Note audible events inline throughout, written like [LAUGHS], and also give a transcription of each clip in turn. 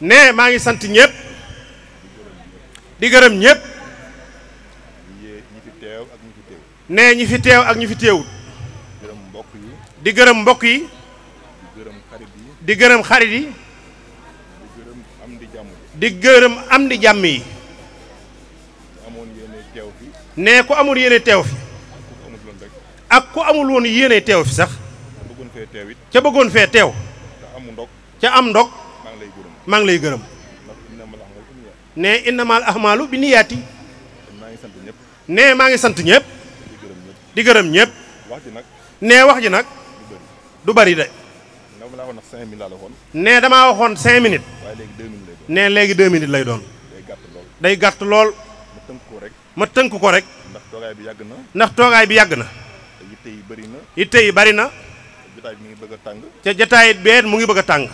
ne maa ngi sant ñëpp di gërëm ñëpp ne ñi fi teew ak ñi fi teewut di gërëm mbokk yi di gërëm xarit yi di gërëm am di jàmm yi ne ku amul yéene teew fi ak ku amul woon yéene teew fi sax ca bëggoon fee teew ca am ndog ca am ndog maa ngi lay gërëm ne innamal ahmaalu bi niyaati ne maa ngi sant ñëpp di gërëm ñëpp ne wax ji nag du bari de nee damaa waxoon cinq minutes ne léegi deux minutes lay doon day gàtt lool ma tënk ko rek ndax toogaay bi yàgg na ndax bi yàgg na yitte yi bari na yitte yi bari na ca jataayit beet mu ngi bëgg a tànk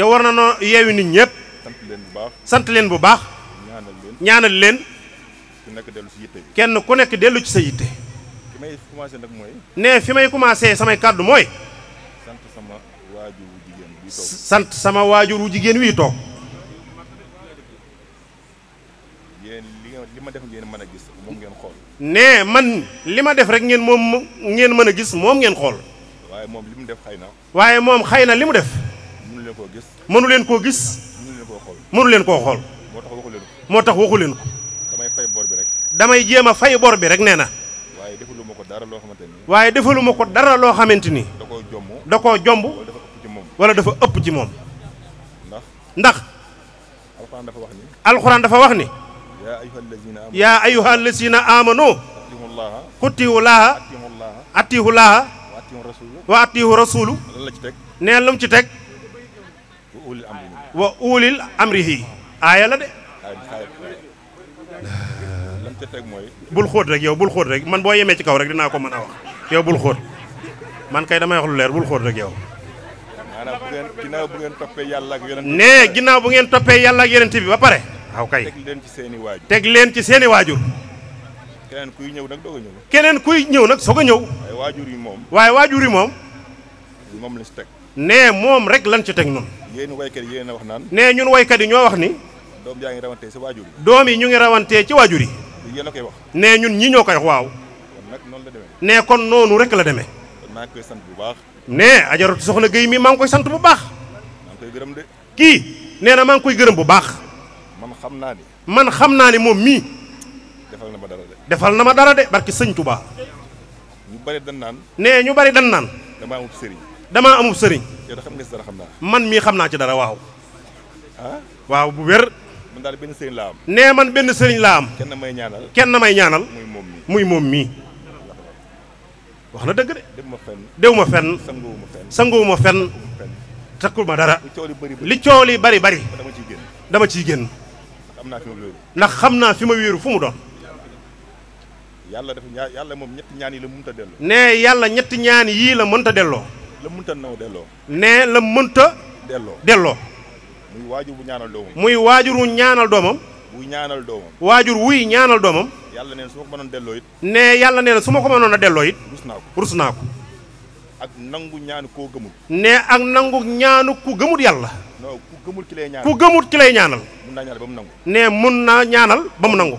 te war na noo yeewi nit ñëpp. sant leen bu baax sant leen bu baax. ñaanal leen ñaanal leen. ku dellu ci yitte kenn ku nekk dellu ci sa yitte. fi commencé nag mooy. ne fi may commencé samay kàddu mooy. sant sama waajur wu jigéen wi toog sant sama waajur jigéen wii toog. yéen li ma def ngeen mën a gis moom ngeen xool. ne man li ma def rek ngeen moom ngeen mën a gis moom ngeen xool. waaye moom li mu def xëy na. waaye moom xëy na li mu def. mënu leen koo gis. mënu leen koo gis. mënu leen koo xool. mënu leen moo tax waxu leen ko. moo tax damay fay bor bi rek. damay jéem a fay bor bi rek nee na. waaye defalu ma ko dara loo xamante ni. waaye defalu ma ko dara loo xamante ni. da koo jomb. da koo jomb. wala dafa ëpp ci moom. ndax. ndax. alxuraan dafa wax ni. alxuraan dafa wax ni. yaa ayyuha allazina amanu. kutiwu laaha. atiihu laaha. wa atiihu rasuulu. wa atiihu rasuulu. la ci teg. neen lu ci teg. wa ulil amrihi aaya la de bul xóot rek yow bul xóot rek man boo yemee ci kaw rek dinaa ko mën a wax yow bul xóot man kay damay wax lu leer bul xóot rek yow ginnaaw bu ngeen toppee yàlla ak yonent ne ginnaaw bu ngeen bi ba pare waaw kay teg leen ci seeni waajur teg leen ci seeni waajur keneen kuy ñëw nag doog a ñëw keneen kuy ñëw nag soog a ñëw waaye waajur yi moom waaye waajur yi moom moom lañ ci moom rek lan ci teg noonu yéen waykat yi yéen a wax naan. nee ñun waykat yi ñoo wax ni. doom yaa ngi rawantee ci waajur yi. doom yi ñu ngi rawantee ci waajur yi. yéen a koy wax. nee ñun ñii ñoo koy waaw. noonu la demee. nee kon noonu rek la demee. maa ngi koy sant bu baax. nee ajaratu soxna Guèye mi maa ngi koy sant bu baax. gërëm de. kii nee na maa ngi koy gërëm bu baax. man xam naa ni. man xam naa ni moom mii. defal na ma dara de. defal na ma dara de barki sëñ Touba. ñu bari dan naan. nee ñu bari dan naan. damaa amub sëriñ. damaa amub sëriñ. yow da xam nga man mii xam naa ci dara waaw. Ah? waaw bu wér. benn sëriñ laa nee man benn sëriñ laa am. kenn may ñaanal kenn may ñaanal. muy moom mii muy moom mii. wax na dëgg de. dew ma fenn dew ma fenn. sanguwu ma fenn sanguwu ma fenn. takkul ma dara. li coow li bari bari. dama ciy génn dama ciy génn. ndax xam naa fi ma wéeru fu mu doon. yàlla dafa yàlla moom ñaan yi la mënta delloo. nee yàlla ñetti ñaan yii la mënta delloo. la mënta naw delloo. ne la mënta. delloo delloo. muy waajur bu ñaanal doomam. muy waajur wu ñaanal doomam. wuy ñaanal waajur wuy ñaanal doomam. yàlla nee na su ma ko mënoon delloo ne yàlla nee na su ma ko mënoon a delloo rus naa ko rus naa ak nangu ñaanu koo gëmul. ne ak nangu ñaanu ku gëmul yàlla. non ku gëmul ki lay ñaanal ku lay ñaanal. mun naa ñaanal ba mu nangu. ne mun naa ñaanal ba mu nangu.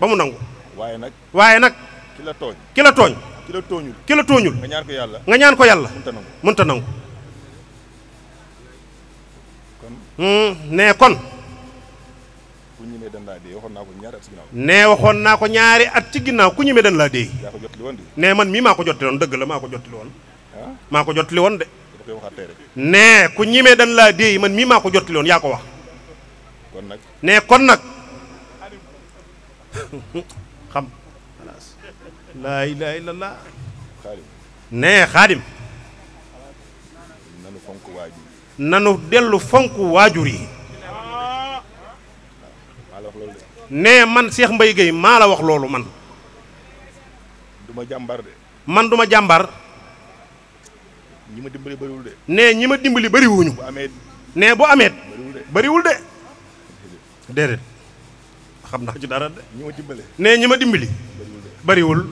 ba mu nangu. waaye nag. waaye nag. ki la ki la tooñ. ki la tooñul ki la tooñul. nga ñaan ko yàlla nga ñaan ko yàlla. mënta nangu mënta nangu. Hmm, nee kon. ku ñemee dañ laa dee waxoon naa ko ñaari nee waxoon naa ko ñaari at ci ginnaaw ku ñemee dañ laa dee. yaa ko jottali woon de. nee man mii maa ko jottali woon dëgg la maa ko jottali woon. Ah? maa ko jottali woon de. nee ku ñemee dan laa dee man mii maa ko jottali woon yaa ko wax. kon nee kon nag. [LAUGHS] laa ilaha illallah nee xaadim nanu fonk waajur dellu fonk waajur yi nee man Cheikh Mbaye Gueye maa la wax loolu man duma jàmbar de man duma jàmbar ñi ma dimbali bëriwul nee ñi ma dimbali bëriwuñu nee bu ameet bëriwul de déedéet xam naa ci dara de ñi ma dimbali nee ñi ma dimbali bëriwul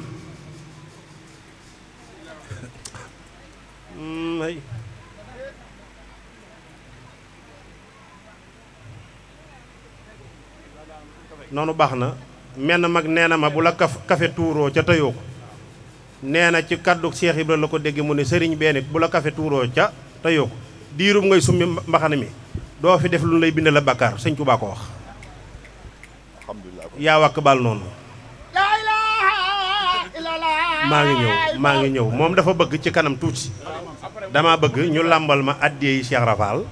noonu baax na menn mag nee na ma bu la kaf kafe tuuroo ca tëyoo ko nee na ci kàddu yi Ibra la ko dégg mu ne sëriñ benn bu la kafe tuuroo ca tëyoo ko diirub ngay summi mbaxana mi doo fi def lu lay bindal la bàkkaar sëñ Tuubaa ko wax yaa wàkk baal noonu maa ngi ñëw maa ngi ñëw moom dafa bëgg ci kanam tuuti dama bëgg ñu làmbal ma àddee yi Cheikh Rafal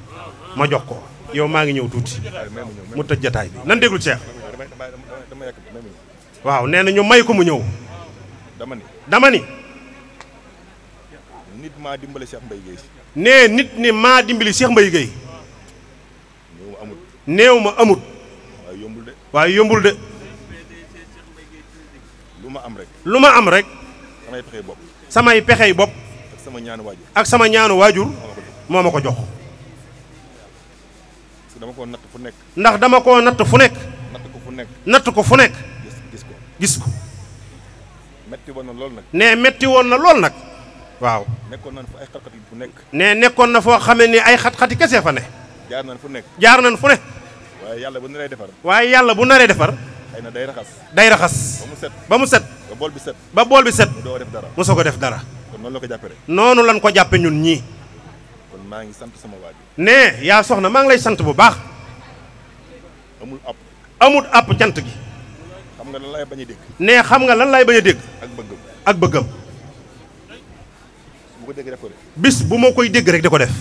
ma jox ko yow maa ngi ñëw tuuti mu tëj jataay bi nan déglu Cheikh waaw nee na ñu may ko mu ñëw. dama ni nit maa dimbali Cheikh Mbaye Guèye. nee nit ni maa dimbali Cheikh Mbaye Guèye. néew ma amut. néew waaye yombul de. lu ma am rek. lu ma am rek. samay pexey bopp. samay pexey bopp. ak sama ñaanu waajur. ak sama moo ma ko jox. dama koo natt fu nekk. ndax dama koo natt fu nekk. natt ko fu nekk. gis ko gis ko. metti woon na lool nag. nee metti woon na lool nag. waaw. nekkoon na fa ay xat-xat nekk. nee nekkoon na foo xamee ni ay xat-xati kese fa ne. jaar nañ fu nekk. jaar nañ fu ne. waaye yàlla bu naree defar. waaye yàlla bu naree defar. xëy na day raxas. day raxas. ba mu set ba mu set. bool bi set. ba bool bi set. mu def dara mu soog a def dara. kon noonu la ko jàppee noonu lañ ko jàppe ñun ñii. kon maa ngi sant sama waajur. nee yaa soxna maa ngi lay sant bu baax. amut àpp cant gi. xam nga lan lay bañ a dégg. nee xam nga lan lay bañ a dégg. ak bëggam ak bëggam. ko dégg rek bis bu ma koy dégg rek di ko def.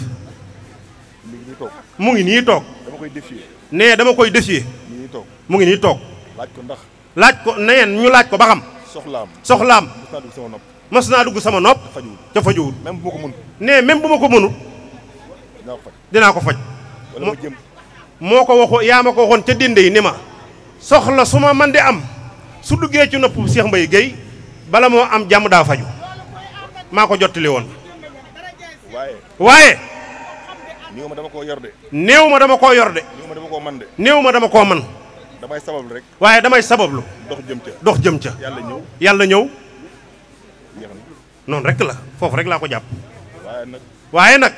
mu ngi nii toog. mu nii toog. dama koy défier. nee dama koy défier. mu ngi nii toog mu ngi nii toog. laaj ko ndax. laaj ko neen ñu laaj ko ba xam. soxlaam soxlaam. mas naa dugg sama nopp. te fajuwul même bu ma ko mënut. nee même bu ma ko mënut. dinaa ko dinaa ko faj. moo ko waxo yaa ma ko waxoon ca dinde yi ni ma soxla su ma man di am su duggee ci nopp Cheikh mbay Guèye bala moo am jàmm daa faju maa ko jottali woon waaye néew ma dama koo yor de néew ma dama koo yor dama koo man de néew ma dama koo man damay sabablu rek waaye damay sabablu dox jëm ca dox jëm ca yàlla ñëw yàlla ñëw noonu rek la foofu rek laa ko jàpp waaye nag waaye nag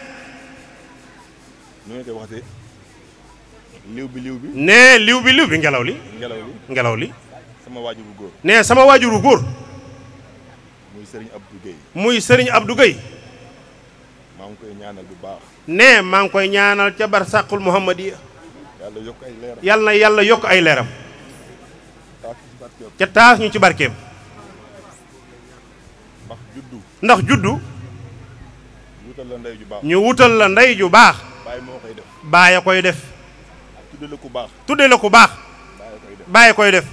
nu ngeen koy waxatee liw bi liw bi. nee liw bi liw bi ngelaw li. ngelaw li ngelaw li. sama waajur wu góor. nee sama waajuru góor. muy sëriñ ab Guèye. muy Serigne Abdou Guèye. maa ngi koy ñaanal bu baax. nee maa ngi koy ñaanal ca barsàqul Muhammadiya. yàlla yokk ay leeram. yàlla na yàlla yokk ay leeram. ca taas ñu ci barkeem. ndax juddu. ndax juddu. ñu wutal la ndey ju baax. ñu wutal la ndey ju baax. baay moo koy def. baay a koy def. tuddee la ku baax. tuddee la ku baax. bàyyi koy def.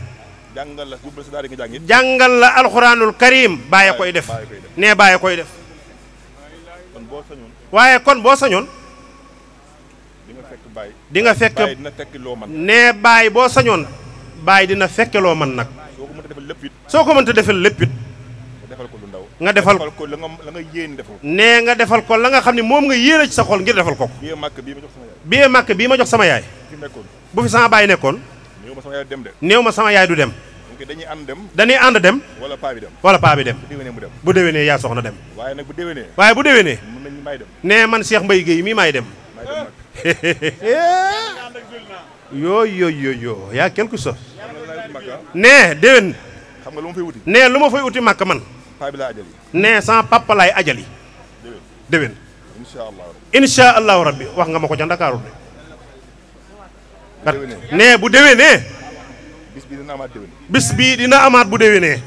jàngal la jublu si daara jàngal la alxuraanul karim bàyyi koy def. nee bàyyi koy def. kon boo sañoon. waaye kon boo sañoon. di nga fekk di nga fekk bàyyi dina fekk loo nee bàyyi boo sañoon. bàyyi dina fekk loo mën nag. soo ko mënta defal lépp it. soo ko mënta defal lépp it. nga ko lu ndaw. nga defal ko la nga yéen defal nee nga defal ko la nga xam ne moom nga yéene ci sa xol ngir defal ko ko. màkk bii ma jox sama yaay. biyee màkk bii ma jox sama yaay. bu fi sama baay nekkoon. néew ma dem de. néew ma sama yaay du dem. dañuy ànd dem. dañuy ànd dem. wala paa bi dem. wala paa bi dem. bu déwénee mu dem. bu déwénee yaa soxna dem. waaye nag bu déwénee. waaye bu déwénee. mën dem. nee man seex Mbaye Guèye mii maay dem. maay dem nag. yooyu [LAUGHS] eh. yooyu yooyu yaa quelque chose. nee déwén. xam nga lu ma fay uti. nee lu ma fay uti màkk man. nee sama papa laay ajali déwén incha allahu rabbi wax nga ma ko ca Ndakaaru de nee bu déwénee bis bi dina amaat bis bi dina amaat bu déwénee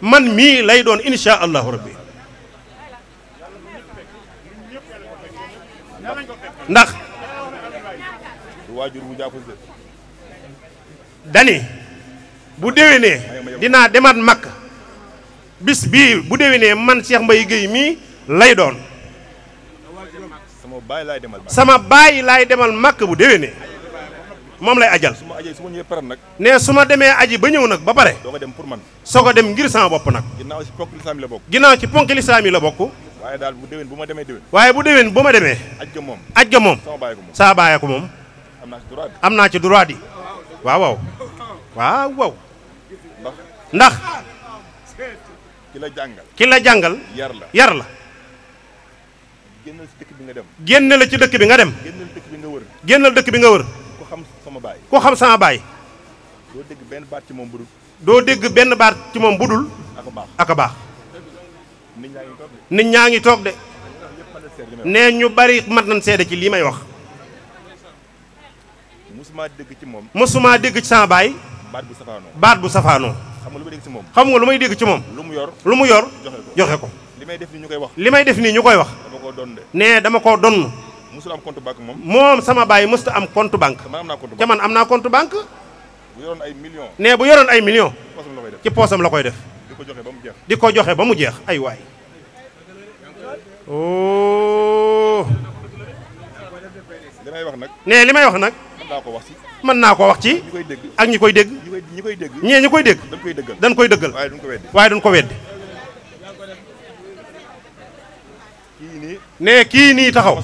man mii lay doon incha allahu rabbi ndax dani bu déwénee dinaa demaat Makka bis bii bu déwénee man Cheikh Mbaye Guèye mii lay doon sama baay laay demal màkk bu déwénee moom lay ajal ne su ma demee aji ba ñëw nag ba pare soo ko dem ngir sama bopp nag ginnaaw ci ponk lislaam yi la bokk waaye daal bu déwén bu ma demee déwén waaye bu déwén bu ma aj ga moom aj ga moom saa bàyyee ko moom am naa ci droit di waaw waaw waaw waaw ndax ki la jàngal ki la jàngal. yar la yar la. génn ci dëkk bi nga dem. génn la ci dëkk bi nga dem. nga wër. génnal dëkk bi nga wër. ku xam sama baay. ku xam sama baay. doo benn baat ci moom budul. doo dégg benn baat ci moom budul. ak a a baax. nit ñaa ngi toog de. nit ñaa ngi toog de. nee ñu bari mat nañ seede ci lii may wax. mosuma dégg ci moom. mosuma dégg ci sama baay. baat bu safaanoo baat bu safaanoo. xam nga lu may dégg ci moom xam nga lu may dégg ci moom lu mu yor lu mu yor joxe ko li may def nii ñu koy wax li may def nii ñu koy wax dama koo donn de nee dama koo donn musul am compte banque moom moom sama baay mësta am compte banque ca man am naa compte banque bu yoroon ay millions nee bu yoroon ay millions ci poosam la koy def di ko joxe ba mu jeex ay waay oo oh. li may wax nag nee li may wax nag mën naa ko wax si mën naa koo wax ci ak ñi koy dégg ñee ñi koy dégg dañ koy dëggal waaye duñ ko weddi ne kii nii taxaw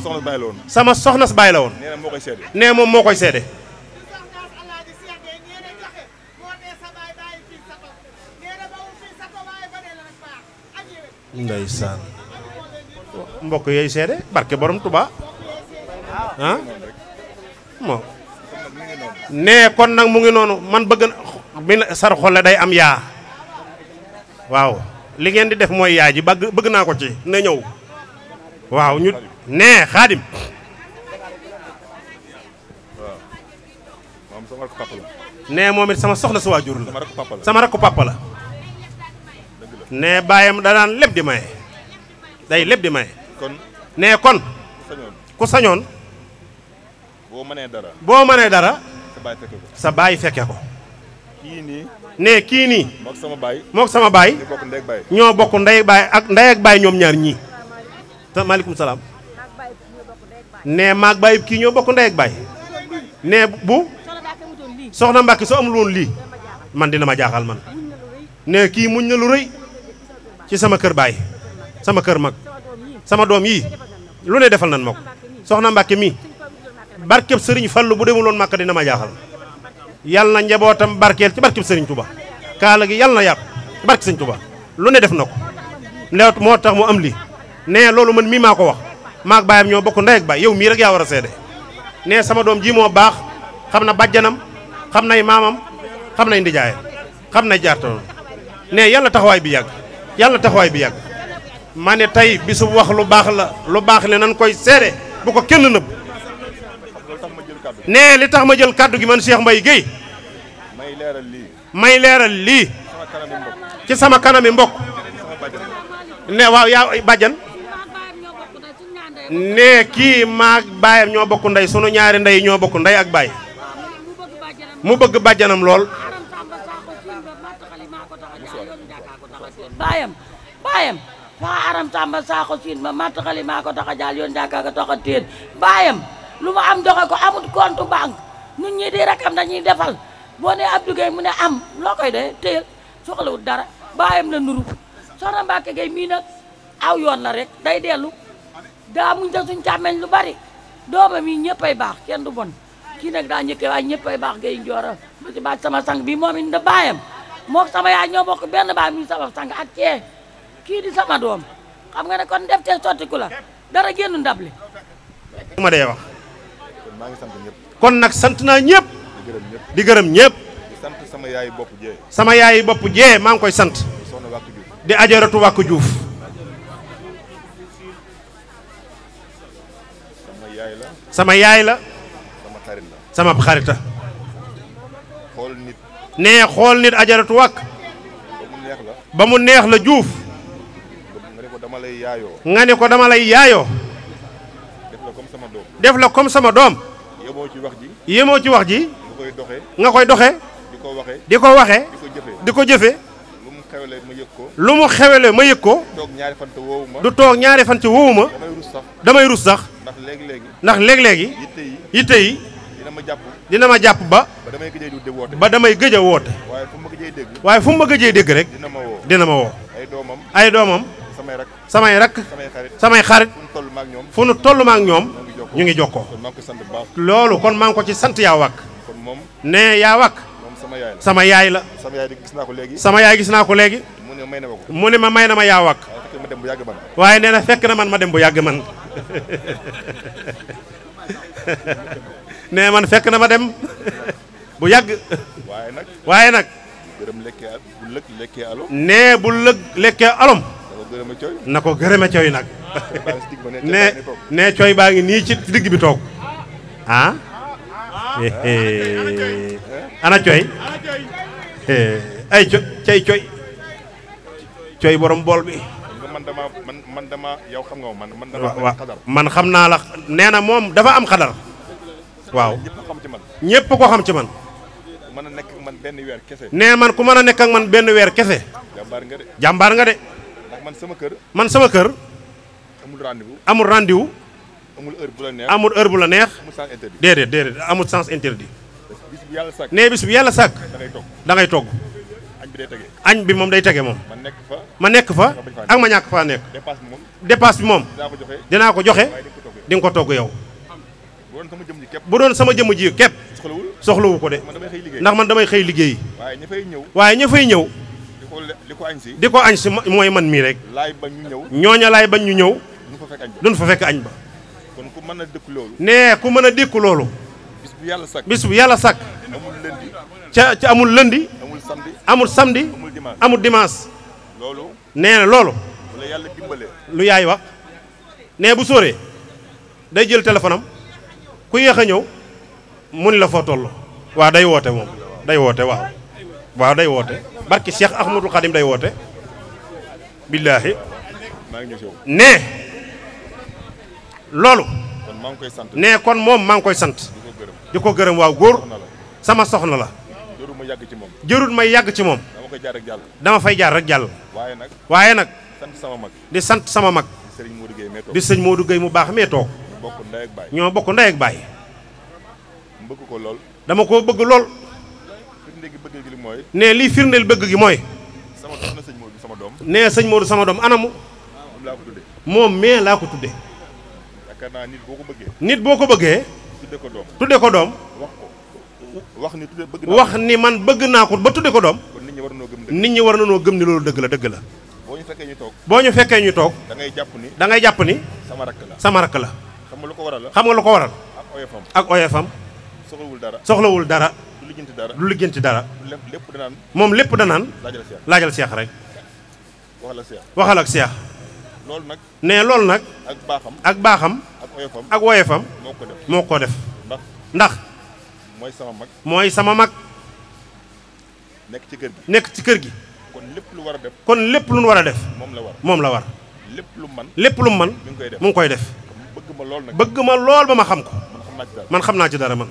sama soxna si bàyyi la woon nee moom moo koy seede ndeysaan mbokk yooyu seede barke borom Tuubaa ah moom nee kon nag mu ngi noonu man bëgg na sar xolle day am yaa waaw li ngeen di def mooy yaay ji bëgg bëgg naa ko ci na ñëw waaw ñu nee xaadim nee moom it sama soxna waa waajur la sama rakku papa la nee baayam danaan lépp di maye day lépp di maye nee kon ku sañoon boo mënee dara boo mënee dara sa baay fekke ko. ne kii nii. mook sama baay. mook sama baay. ñoo bokk ndey baay ak ndey baay ñoom ñaar ñii. te maaleykum salaam. ne maag baay kii ñoo bokk ndey ak baay. ne bu. soxna Mbacke soo amul woon lii. man dina ma jaaxal man. ne kii muñ na lu rëy. ci sama kër baay. sama kër mag. sama doom yii. lu ne defal nan ma soxna Mbacke mii. barkeb sëriñ fallu bu demul woon dina ma jaaxal yàlla na njabootam barkeel ci barkeb sëriñ tuba kaala gi yàlla na yàqu ci barke sëriñ tuba loo ne def na ko leewat moo tax mu am li nee loolu man mi maa ko wax maag baayam ñoo bokk ndey ak baay yow mii rek yaa war a seede nee sama doom ji moo baax xam na bàjjanam xam nay maamam xam nay ndijaayam xam nay jaartanoon nee yàlla taxawaay bi yàgg yàlla taxawaay bi yàgg ma ne tey bisu wax lu baax la lu baax le nan koy seede bu ko kenn nëbb nee li tax ma jël kàddu gi man Cheikh Mbaye Guèye may leeral lii may leeral lii ci sama kanami mbokk ne waaw yaa bàjjan ne kii maag baayam ñoo bokk ndey sunu ñaari ndey ñoo bokku ndey ak baay mu bëgg bàjjanam lool baayam baayam aram tàmba saako siin ba matt maa ko tax a jaal yoon jàkkaaka tax a téen baayam lu ma am joxe ko amul compte banque ñun ñii di rakam dañuy defal boo nee Abdou Gueye mu ne am loo koy dee téyel dara baayam la nuru soxna Mbacke Gueye mii nag aw yoon la rek day dellu daa muñ da suñ lu bari doomam yi ñëppay baax kenn du bon kii nag daa ñëkkee waaye ñëppay baax Gueye Ndiora ba ci baaj sama sang bii moom it da baayam moo sama yaa ñoo bokk benn baay muy sama sang ak cee kii di sama doom xam nga ne kon def te sotti ku la dara génn ndab li maa ngi sant ñëpp. kon nag sant naa ñëpp. di gërëm ñëpp di gërëm sant sama yaayu bopp jee. sama yaayu bopp jee maa koy sant. di soxna Wàkk Juuf di ajaratu Wàkk Juuf. sama yaay la. sama yaay la. sama xarit la. sama xarita. xool nit. nee xool nit ajaratu Wàkk. ba mu neex la. ba mu neex la Juuf. nga ne ko dama lay yaayoo. nga ne ko dama lay yaayoo. def la comme sama doom. yemoo ci wax ji. yemoo ci wax ji. nga koy doxee. nga koy doxee. di ko waxee. di ko waxee. ko jëfee di ko jëfee. lu mu xewelee ma yëg ko. lu mu xewelee ma yëg ko. du toog ñaari fan te woowu ma. du toog ñaari fan te ma. damay rus sax. damay rus sax. ndax léeg-léegi. ndax léeg-léegi. yitte yi yitte yi. dina ma jàpp. dina ma jàpp ba. ba damay gëj woote. ba damay gëj a waaye fu ma gëjee dégg. waaye fu ma gëjee dégg rek. dina ma woo ma woo. ay doomam. ay doomam. samay rakk. samay rakk. samay xarit. samay xarit. fu nu toll ma ak ñoom. ñu ngi jokkoo loolu kon maa ngi ko ci sant yaa wàkk ne yaa wàkk sama yaay la sama yaay gis naa ko léegi mu ne ma may na ma yaa wàkk waaye nee na fekk na man ma dem bu yàgg man [LAUGHS] nee man fekk na ma dem bu yàgg waaye nag nee bu lëg lekkee alom na ko a coy nag ah, ne [LAUGHS] ne coy baa ngi nii ci digg bi toog ah eh, eh. Eh, ana coy ay co cay coy coy borom bool bi man man man dama yow xam nga man man dama xam naa la nee na moom dafa am xadar waaw ñëpp ko xam ci man ñëpp ko xam ci a nekk ak benn weer kese nee man ku mën a nekk man benn weer kese jàmbaar nga de man sama kër. man sama kër. amul rendez-vous amul rendez-vous. amul heure bu la neex amul heure bu la neex. amul sens interdit déedéet déedéet amul sens interdit. bis bu yàlla sàkk nee bis bu yàlla sàkk. da ngay togg añ bi day tege. bi moom day tege moom. ma nekk fa ma nekk fa ak ma ñàkk a nekk. dépasse bi moom dépasse bi moom. dinaa ko joxe dinaa ko joxe di nga ko togg yow. bu doon sama jëmm ji képp. soxlawu ko de ndax man damay xëy liggéey. waaye ña fay ñëw. waaye ña fay ñëw. di ko añ si mooy man mii rek ñooña laay bañ ñu ñëw duñ fa fekk añ ba nee ku mën a dékku loolu bis bu yàlla sàkk ca ca amul lëndi amul samedi amul dimanche nee na loolu lu yaay wax nee bu sóoree day jël téléphone am ku yéex a ñëw mun la foo toll waaw day woote moom day woote waaw waaw day woote barki Cheikh Ahmadul Xadim day woote billaahi ne loolu ne kon moom maa ngi koy sant di ko gërëm waaw góor sama soxna la jërul ma yàgg ci moom jërul may yàgg ci moom dama koy jaar rek jàll fay jaar rek jàll waaye nag waaye nag sant sama mag di sant sama mag di sëñ Modou Gueye mu baax mee toog ñoo bokk ndey ak ñoo bokk ndey ak baay bëgg dama ko bëgg lool ne lii firndeel bëgg gi mooy. nee sëñ Modou sama doom anamu. Ah, moom mais laa ko tudde nit boo ko bëggee. tudde ko doom. wax ni wax ni man bëgg naa ko ba tudde ko doom. nit ñi war na noo gëm ni loolu dëgg la dëgg la. boo ñu fekkee ñu toog. boo ñu fekkee ñu toog. da jàpp ni. da jàpp ni. sama rakk la sama rakk la. xam nga lu ko waral. xam nga lu ko waral. ak oyefam ak oyefam. soxlawul dara soxlawul dara. lijjanti dara du lijjanti dara. lépp danaan moom lépp danaan. laajal seex laajal seex rek. waxal ak seex waxal ak seex. loolu nag nee loolu nag. ak baaxam ak baaxam. ak woyofam ak woyofam. moo ko def moo ko def. ndax ndax. mooy sama mag mooy sama mag. nekk ci kër gi nekk ci kër gi. kon lépp lu war a def. kon lépp lu war a def. moom la war moom la war. lépp lu man lépp lu man. mu koy def mu ngi koy def. bëgg ma lool nag bëgg ma lool ba ma xam ko. xam naa ci man xam naa ci dara man.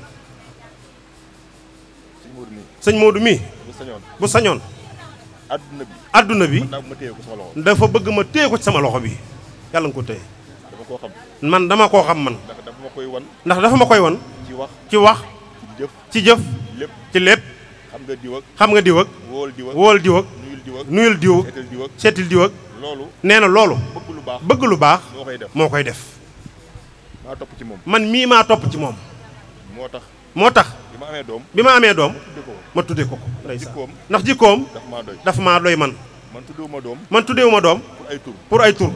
sëñ Modou mii bu sañoon àdduna bi adduna bi dafa bëgg ma téye ko ci sama loxo bi yàlla nga ko téye man dama koo xam man ndax dafa ma koy wan ndax dafa ma koy wan ci wax ci wax ci jëf ci lépp xam nga diw xam nga diw ak wool diw ak nuyul diw ak seetil diw ak nee na loolu bëgg lu baax moo koy def man mii maa topp ci moom moo tax moo tax bi ma amee doom ma tudde ko ko ndeysaan ndax jikkoom dafa maa doy man man tuddewuma doom man tuddewuma doom pour ay tur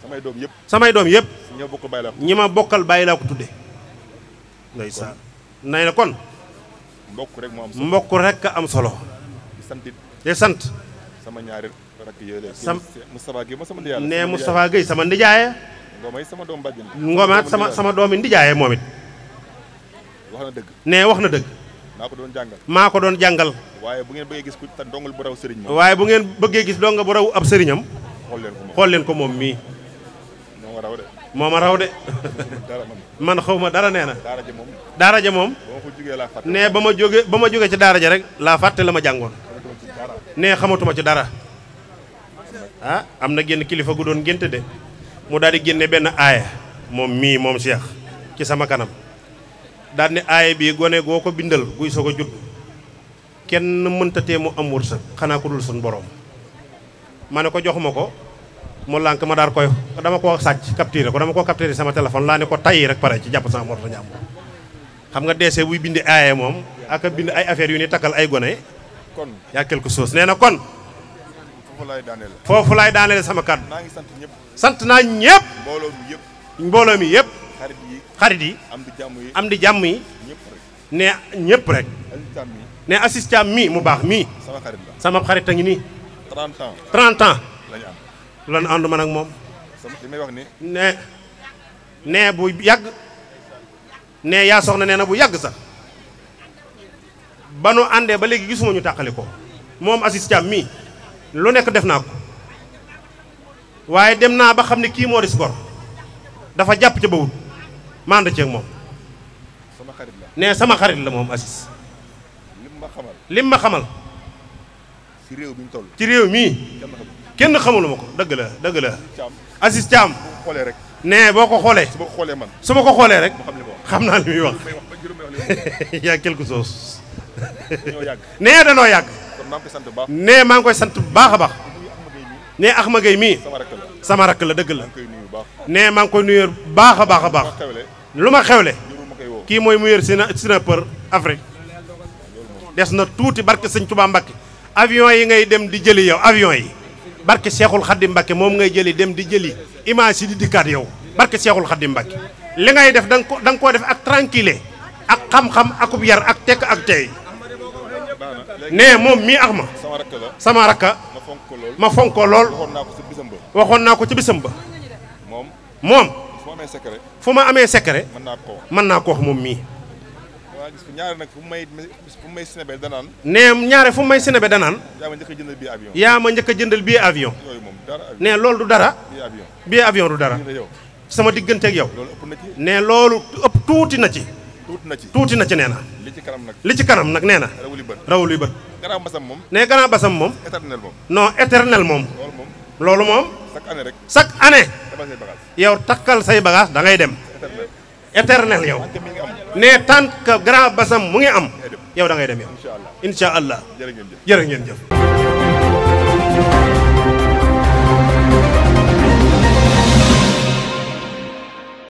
samay doom yëpp samay doom yëpp ñi ma bokkal bàyyi laa ko tudde ndeysaan nay na kon mbokk rek moo am rek am solo di sant di sama ñaari rakk sam Moustapha Gueye sama ndijaay nee Moustapha Gueye sama ndijaaye Ngoma sama doom bàjjen Ngoma sama sama doomi ndijaaye moom it wax na dëgg nee wax na dëgg. maa ko doon jàngal maa ko doon jàngal. waaye bu ngeen bëggee gis ku ndongal bu raw sëriñ waaye bu ngeen bëggee gis donga bu raw ab sëriñam. xool leen ko moom xool ko moom mii. raw de. moo ma raw de. man xaw ma dara nee na. daara ja moom. daara ja moom. nee ba ma jóge ba ma jóge ci daara ja rek laa fàtte la ma jàngoon. nee xamatuma ci dara. ah am na génn kilifa gu doon ngénte de mu daal di génne benn aaya moom mii moom Cheikh ci sama kanam. daal ne aaya bi gone goo ko bindal guy soo ko judd kenn mëntatee mu am wërsëg xanaa ku dul sun borom ma ne ko joxuma ko mu lànk ma daar koy dama koo sàcc capturé ko dama ko capturé sama téléphone laa ne ko tayyi rek pare ci jàpp sama morta ñam xam nga deese buy bindi aaye moom ak bind ay affaires yu ni takkal ay gone kon yaa quelque nee na kon foofu laay daaneel sama kàddu sant naa ñëpp mbooloo mi yëpp xarit yi am di jàmm yi ne ñëpp rek ne assistant mii mu baax mii sama xarit a ngi nii 30 ans 30 ans lan ànd ma nag moom ne ne bu yàgg ne yaa soxna nee na bu yàgg sax ba nu àndee ba léegi gisuma ñu tàqali ko moom assistant mii lu nekk def naa ko waaye dem naa ba xam ne kii moo di dafa jàpp ca bawut ma ànd cee moom nee sama xarit la moom asis lim ma xamal lim ma xamal ci réew mi toll ci réew mii kenn ma ko dëgg la dëgg la Aziz Thiam xoolee rek nee boo ko xoolee su ba ko xoolee su ma ko xoolee rek xam naa li muy wax [LAUGHS] yaa quelque chose [LAUGHS] nee danoo yàgg nee maa ngi koy sant bu baax a baax nee ma Gueye mii sama rakk la dëgg la nee maa ngi koy nuyu baax a baax a baax lu ma xewle kii mooy mu yor sina sinapeur Afrique des na tuuti barke sëñ Tuubaa Mbàkke avion yi ngay dem di jëli yow avion yi barke Seexul xaddi Mbàkke moom ngay jëli dem di jëli image yi di dikkaat yow barke Seexul Xaddim Mbàkke li ngay def da ko da nga koo def ak tranquille ak xam-xam akub yar ak tekk ak tey nee moom mii ax ma sama rakka ma fonkoo lool waxoon naa ko ci bisam ba moom fu ma amee secret mën naa ko moom mii ñaare nag fu may fu may sinebe danaan ne ñaare fu may sinebe danaan yaa ma njëkk a jëndal bii avion yaa ma njëkk a jëndal bii avion ne loolu du dara bii avion du dara sama diggante ak yow ne loolu ëpp tuuti na ci tuuti na ci tuuti na ci nee na li ci kanam nag li ci kanam nag nee na raw luy bët gannaaw basam moom ne gannaaw basam moom éternel moom non éternel moom loolu moom chaque année rek chaque yow takkal say bagage da ngay dem éternel yow ne tant que grand basam mu ngi am yow da ngay dem yow insha allah jërë ngeen jëf